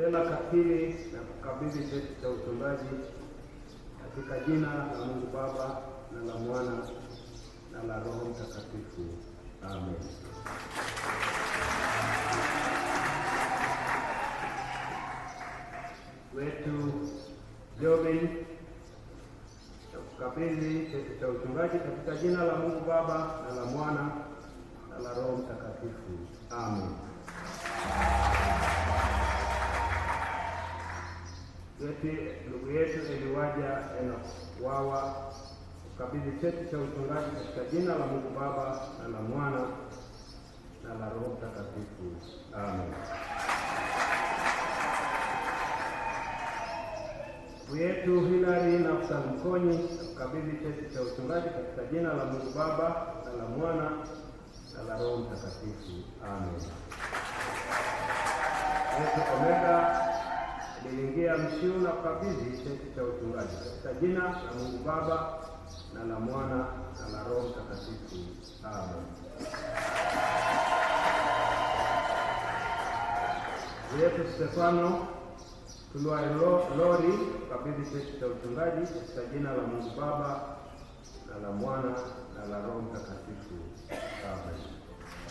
tena kafiri na kukabidhi cheti cha uchungaji katika jina la Mungu Baba na la Mwana na la Roho Mtakatifu. Amen. wetu Jobin na kukabidhi cheti cha uchungaji katika jina la Mungu Baba na la Mwana na la Roho Mtakatifu. Amen. eti ndugu yetu eliwaja Enoch Wawa ukabidhi cheti cha uchungaji katika jina la Mungu Baba na la Mwana na la Roho Mtakatifu. Amen. Ndugu yetu hilari Nafsan Mkonyi ukabidhi cheti cha uchungaji katika jina la Mungu Baba na la Mwana na la Roho Mtakatifu. Amen. Yesu Omega Gelengea Mshiu na kukabidhi cheti cha uchungaji katika jina la Mungu Baba na la Mwana na la Roho Mtakatifu. Amen. yetu Stefano Tuluai Lori kabidhi cheti cha uchungaji katika jina la Mungu Baba na la Mwana na la Roho Mtakatifu. Amen.